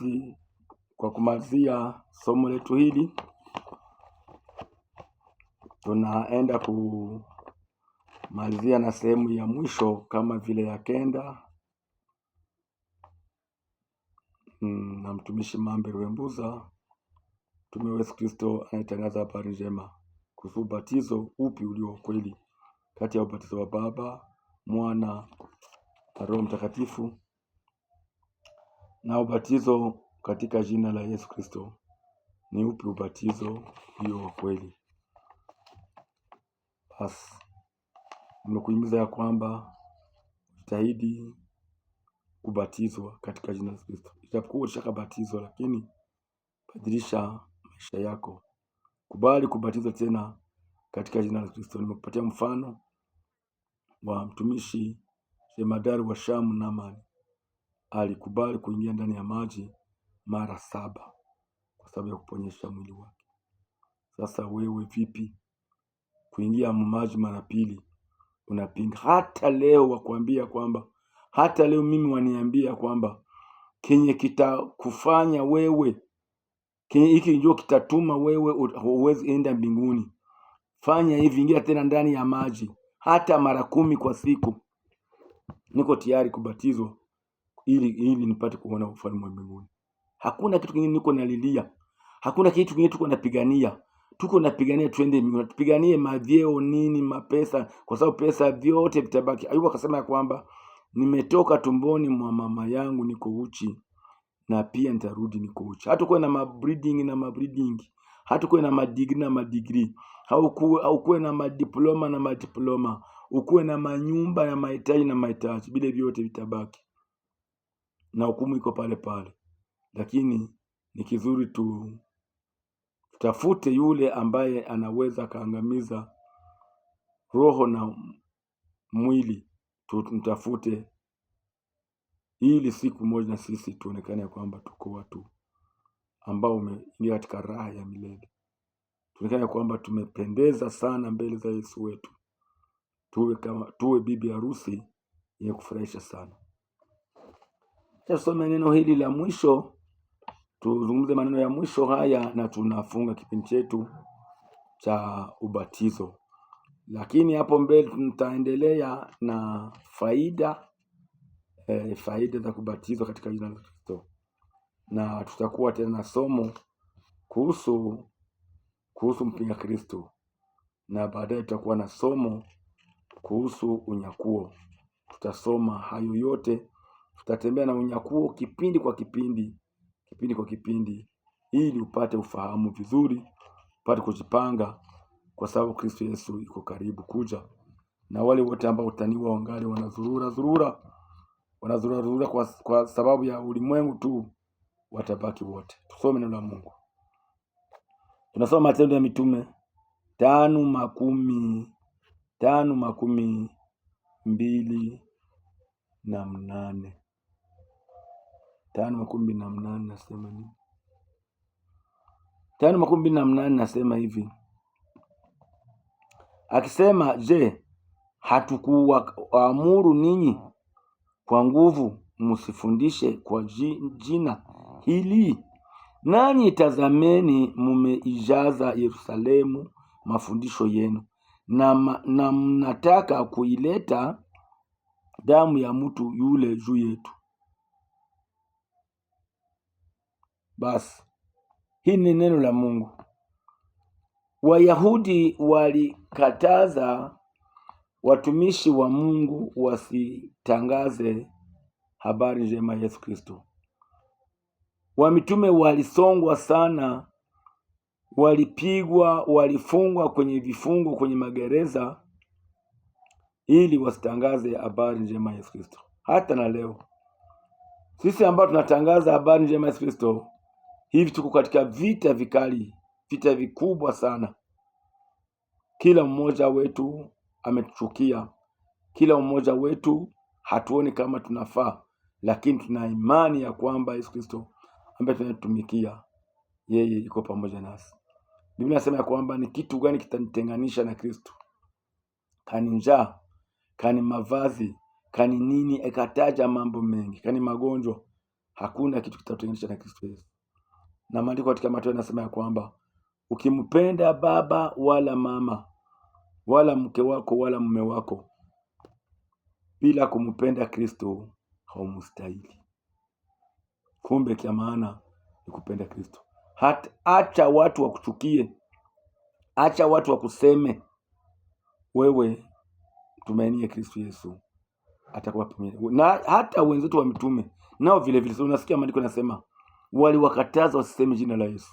basi kwa kumalizia somo letu hili tunaenda kumalizia na sehemu ya mwisho kama vile ya kenda mm, na mtumishi Mambe Ruhembuza Mtume Yesu Kristo anayetangaza habari njema kuhusu ubatizo upi ulio kweli kati ya ubatizo wa Baba, Mwana na Roho Mtakatifu na ubatizo katika jina la Yesu Kristo ni upi ubatizo hiyo wa kweli? Basi nimekuhimiza ya kwamba jitahidi kubatizwa katika jina la Yesu Kristo. Itakuwa ushakabatizwa, lakini badilisha maisha yako, kubali kubatizwa tena katika jina la Kristo. Nimekupatia mfano wa mtumishi jemadari wa Shamu mali alikubali kuingia ndani ya maji mara saba kwa sababu ya kuponyesha mwili wake. Sasa wewe vipi? Kuingia maji mara pili unapinga. Hata leo wakuambia kwamba hata leo mimi waniambia kwamba kenye kitakufanya wewe kenye hiki ndio kitatuma wewe uwezi enda mbinguni. Fanya hivi, ingia tena ndani ya maji hata mara kumi kwa siku. Niko tayari kubatizwa ili ili nipate kuona ufalme wa mbinguni. Hakuna kitu kingine niko nalilia, hakuna kitu kingine tuko napigania. Tuko napigania twende mbinguni, tupiganie mavyeo nini, mapesa, kwa sababu pesa vyote vitabaki. Ayubu akasema ya kwamba nimetoka tumboni mwa mama yangu niko uchi na pia nitarudi niko uchi. Hatukuwe na mabreeding na mabreeding, hatukuwe na madigri na madigri, haukuwe na madiploma na madiploma, ukuwe na manyumba na mahitaji na mahitaji, vile vyote vitabaki na hukumu iko pale pale, lakini ni kizuri tu tutafute yule ambaye anaweza akaangamiza roho na mwili, tumtafute ili siku moja na sisi tuonekane ya kwamba tuko watu ambao ni katika raha ya milele, tuonekane ya kwamba tumependeza sana mbele za Yesu wetu, tuwe kama tuwe bibi harusi yenye kufurahisha sana. Sasa neno hili la mwisho, tuzungumze maneno ya mwisho haya, na tunafunga kipindi chetu cha ubatizo, lakini hapo mbele tutaendelea na faida e, faida za kubatizwa katika jina la Kristo, na tutakuwa tena na somo kuhusu kuhusu mpinga Kristo, na baadaye tutakuwa na somo kuhusu unyakuo. Tutasoma hayo yote Tutatembea na unyakuo kipindi kwa kipindi, kipindi kwa kipindi, ili upate ufahamu vizuri, upate kujipanga, kwa sababu Kristo Yesu yuko karibu kuja. Na wale wote ambao utaniwa wangali wanazurura zurura, wanazurura zurura kwa, kwa sababu ya ulimwengu tu, watabaki wote. Tusome neno la Mungu. Tunasoma Matendo ya Mitume tano makumi tano makumi mbili na mnane tano makumi na mnane nasema nini? tano makumi na mnane nasema hivi akisema, je, hatukuwaamuru ninyi kwa nguvu musifundishe kwa jina hili? Nanyi tazameni, mumeijaza Yerusalemu mafundisho yenu, na, na mnataka kuileta damu ya mtu yule juu yetu. Basi hii ni neno la Mungu. Wayahudi walikataza watumishi wa Mungu wasitangaze habari njema Yesu Kristo. Wamitume walisongwa sana, walipigwa, walifungwa kwenye vifungo, kwenye magereza ili wasitangaze habari njema Yesu Kristo. Hata na leo sisi ambao tunatangaza habari njema Yesu Kristo Hivi tuko katika vita vikali, vita vikubwa sana. Kila mmoja wetu ametuchukia, kila mmoja wetu hatuoni kama tunafaa, lakini tuna imani ya kwamba Yesu Kristo ambaye tunatumikia yeye yuko pamoja nasi. Biblia inasema ya kwamba ni kitu gani kitanitenganisha na Kristo? Kani njaa, kani mavazi, kani nini? Ikataja mambo mengi, kani magonjwa. Hakuna kitu kitatutenganisha na Kristo Yesu na maandiko katika Mathayo yanasema ya kwamba ukimpenda baba wala mama wala mke wako wala mume wako bila kumpenda Kristo haumstahili. Kumbe kia maana ni kupenda Kristo. Hata acha watu wakuchukie, acha watu wakuseme, wewe tumainie Kristo Yesu atakuwa pamoja na hata wenzetu wa mitume nao vile vile Unasikia maandiko yanasema waliwakataza wasiseme jina la Yesu,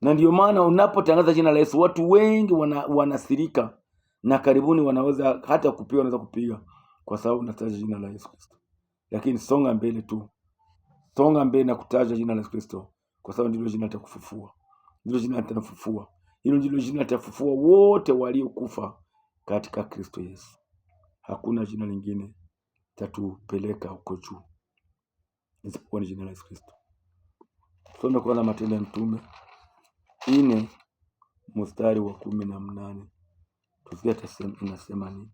na ndiyo maana unapotangaza jina la Yesu watu wengi wana, wanasirika na karibuni wanaweza hata kupiga, wanaweza kupiga kwa sababu unataja jina la Yesu Kristo. Lakini songa mbele tu, songa mbele na kutaja jina la Yesu Kristo, kwa sababu ndilo jina litakufufua, ndilo jina litakufufua, hilo ndilo jina litafufua wote waliokufa katika Kristo Yesu. Hakuna jina lingine tatupeleka huko juu isipokuwa ni jina la Yesu Kristo. Twende kwa Matendo ya Mtume nne mstari wa kumi na mnane tusikia inasema nini.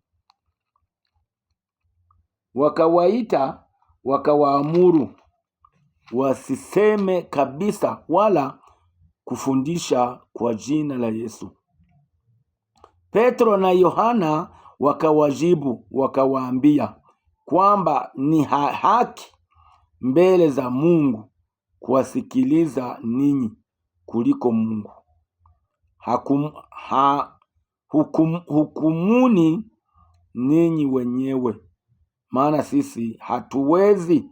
Wakawaita wakawaamuru wasiseme kabisa wala kufundisha kwa jina la Yesu. Petro na Yohana wakawajibu wakawaambia kwamba ni haki mbele za Mungu kuwasikiliza ninyi kuliko Mungu. Hakum, ha, hukum, hukumuni ninyi wenyewe, maana sisi hatuwezi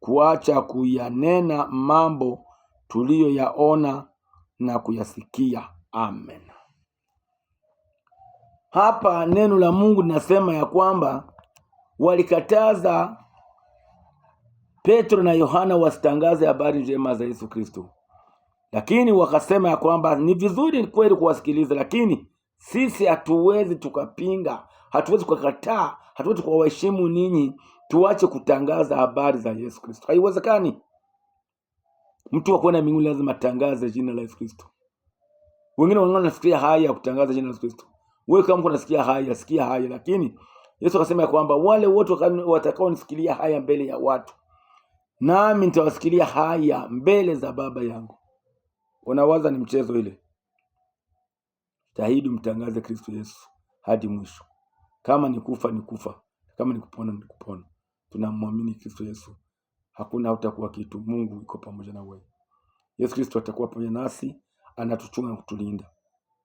kuacha kuyanena mambo tuliyoyaona na kuyasikia. Amen. Hapa neno la Mungu linasema ya kwamba walikataza Petro na Yohana wasitangaze habari njema za Yesu Kristo, lakini wakasema ya kwamba ni vizuri kweli kuwasikiliza, lakini sisi hatuwezi tukapinga, hatuwezi kukataa, hatuwezi kuwaheshimu ninyi tuache kutangaza habari za Yesu Kristo. Haiwezekani. Mtu wa kwenda mbinguni lazima atangaze jina la Yesu Kristo. Wengine wanaona nasikia haya ya kutangaza jina la Yesu Kristo. Wewe kama uko nasikia haya, sikia haya, lakini Yesu akasema ya kwamba wale wote watakaonisikilia haya mbele ya watu nami nitawasikilia haya mbele za Baba yangu. Unawaza ni mchezo ile? Tahidi mtangaze Kristo Yesu hadi mwisho. Kama ni kufa ni kufa, kama ni kupona ni kupona. Tunamwamini Kristo Yesu, hakuna utakuwa kitu. Mungu yuko pamoja na wewe. Yesu Kristo atakuwa pamoja nasi, anatuchunga na kutulinda.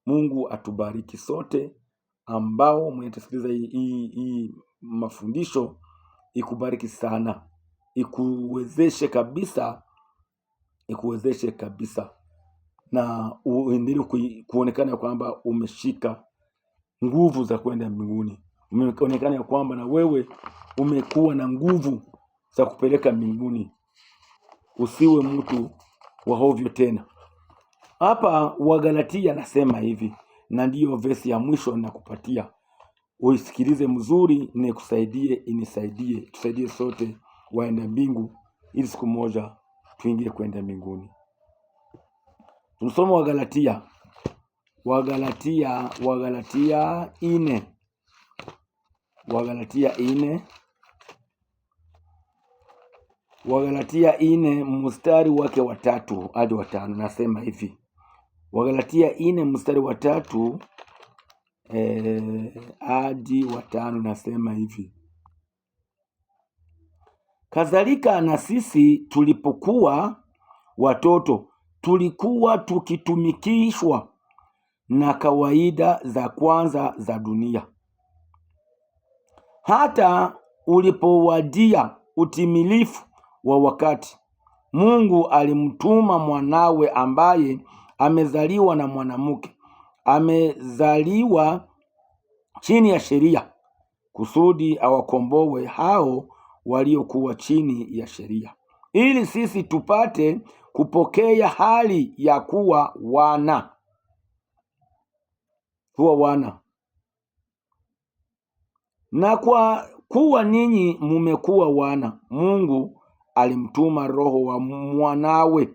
Mungu atubariki sote ambao mwenye tasikiliza hii, hii, hii mafundisho, ikubariki sana ikuwezeshe kabisa ikuwezeshe kabisa na uendelee kuonekana ya kwamba umeshika nguvu za kwenda mbinguni, umeonekana ya kwamba na wewe umekuwa na nguvu za kupeleka mbinguni. Usiwe mtu wa hovyo tena. Hapa Wagalatia anasema hivi, na ndiyo vesi ya mwisho nakupatia, uisikilize mzuri, nikusaidie, inisaidie, tusaidie sote waenda mbingu, ili siku moja tuingie kwenda mbinguni. Tunasoma Wagalatia, Wagalatia, Wagalatia ine, Wagalatia ine, Wagalatia ine mstari wake watatu hadi watano, nasema hivi Wagalatia ine mstari watatu eh, hadi e, watano nasema hivi Kadhalika na sisi tulipokuwa watoto tulikuwa tukitumikishwa na kawaida za kwanza za dunia. Hata ulipowadia utimilifu wa wakati, Mungu alimtuma mwanawe ambaye amezaliwa na mwanamke, amezaliwa chini ya sheria, kusudi awakomboe hao waliokuwa chini ya sheria, ili sisi tupate kupokea hali ya kuwa wana kuwa wana. Na kwa kuwa ninyi mumekuwa wana, Mungu alimtuma Roho wa mwanawe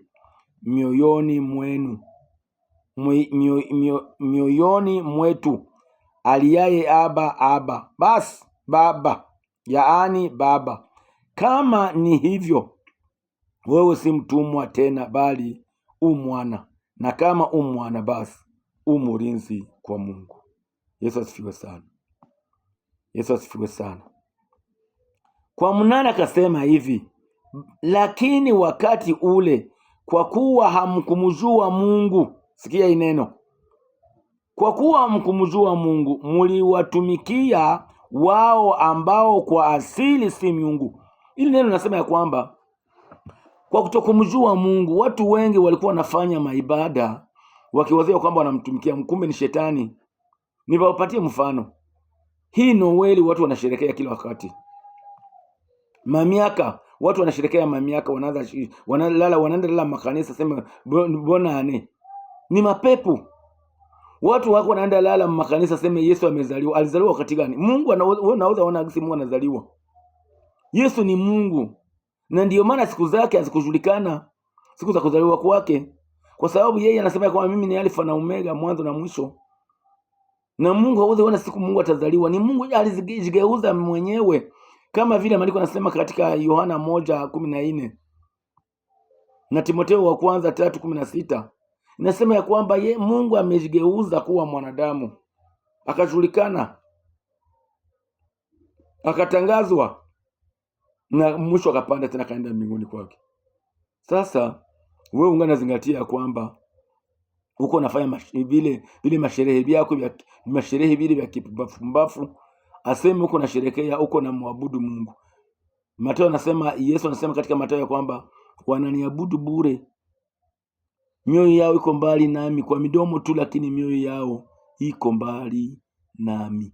mioyoni mwenu mioyoni mwetu, aliaye Aba, Aba. Basi Baba, yaani Baba. Kama ni hivyo, wewe si mtumwa tena, bali u mwana, na kama u mwana, basi u mlinzi kwa Mungu. Yesu asifiwe sana. Yesu asifiwe sana. Kwa mnana akasema hivi, lakini wakati ule, kwa kuwa hamkumjua Mungu, sikia ineno, kwa kuwa hamkumjua Mungu, mliwatumikia wao ambao kwa asili si miungu. ili neno linasema ya kwamba kwa kutokumjua Mungu, watu wengi walikuwa wanafanya maibada wakiwazia kwamba wanamtumikia, kumbe ni shetani. Niwapatie mfano, hii Noeli watu wanasherekea kila wakati, mamiaka watu wanasherekea mamiaka, wanaanza wanalala, wanaenda lala makanisa, sema bonane ni mapepo Watu wako wanaenda lala makanisa, sema Yesu amezaliwa. Alizaliwa wakati gani? Mungu anaweza ona gisi Mungu anazaliwa. Yesu ni Mungu, na ndiyo maana siku zake hazikujulikana, siku za kuzaliwa kwake, kwa sababu yeye anasema kwamba mimi ni Alfa na Omega, mwanzo na mwisho. Na Mungu hauwezi ona siku Mungu atazaliwa. Ni Mungu alizigeuza mwenyewe, kama vile maandiko anasema katika Yohana moja kumi na nne na Timotheo wa kwanza tatu kumi na sita inasema ya kwamba ye Mungu amejigeuza kuwa mwanadamu, akajulikana, akatangazwa, na mwisho akapanda tena, kaenda mbinguni kwake. Sasa wewe ungana zingatia ya kwamba huko unafanya vile vile masherehe vyako vya masherehe vile vya kipumbafu, aseme huko nasherekea huko na mwabudu Mungu. Mateo anasema, Yesu anasema katika Mateo ya kwamba wananiabudu bure mioyo yao iko mbali nami, kwa midomo tu, lakini mioyo yao iko mbali nami.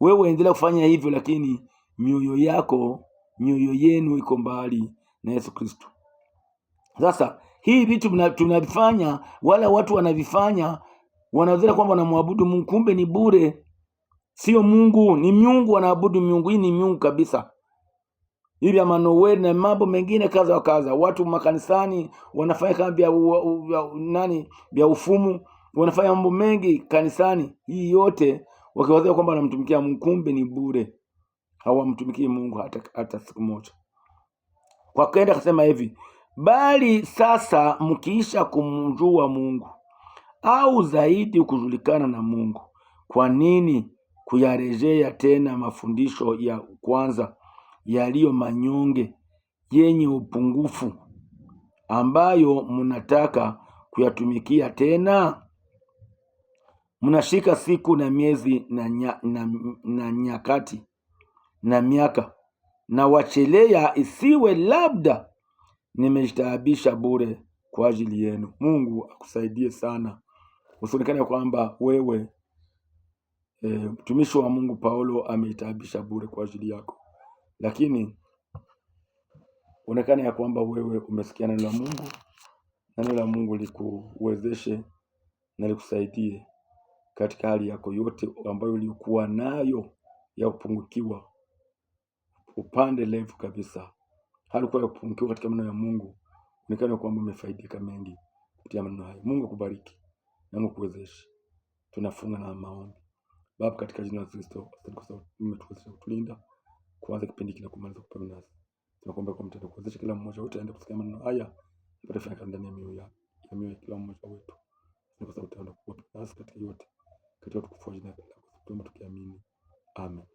Wewe endelea kufanya hivyo, lakini mioyo yako, mioyo yenu iko mbali na Yesu Kristo. Sasa hii vitu tunavifanya, wala watu wanavifanya, wanadhani kwamba wanamwabudu Mungu, kumbe ni bure. Sio Mungu, ni miungu wanaabudu miungu. Hii ni miungu kabisa ili amanoweni na mambo mengine kaza wa kaza Watu makanisani wanafanya kama vya nani, bia ufumu, wanafanya mambo mengi kanisani, hii yote wakiwazia kwamba wanamtumikia Mungu, kumbe ni bure, hawamtumikii Mungu hata, hata siku moja. Kwa kwenda akasema hivi, bali sasa mkiisha kumjua Mungu au zaidi kujulikana na Mungu, kwa nini kuyarejea tena mafundisho ya kwanza? yaliyo manyonge yenye upungufu ambayo mnataka kuyatumikia tena? Mnashika siku na miezi na, nya, na, na nyakati na miaka na wachelea, isiwe labda nimejitaabisha bure kwa ajili yenu. Mungu akusaidie sana, usionekane kwamba wewe e, mtumishi wa Mungu Paulo ameitaabisha bure kwa ajili yako lakini onekana ya kwamba wewe umesikia neno la Mungu, na neno la Mungu likuwezeshe na likusaidie katika hali yako yote ambayo ulikuwa nayo ya kupungukiwa upande levu kabisa, halikuwa ya kupungukiwa katika maneno ya Mungu, onekana kwamba umefaidika mengi kupitia maneno hayo. Mungu akubariki na Mungu kuwezeshe. Tunafunga na maombi. Baba, katika jina la Kristo, asante kwa sababu umetuwezesha kutulinda kuanza kipindi kile kumaliza kupamina. Tunakuomba kwa mtendo kuwezesha kila mmoja wetu aende kusikia maneno haya apate faraja ndani ya mioyo ya mioyo ya kila mmoja wetu. Ni kwa sababu utaenda kuwa nasi katika yote katika utukufu wa jina lako tukiamini. Amen.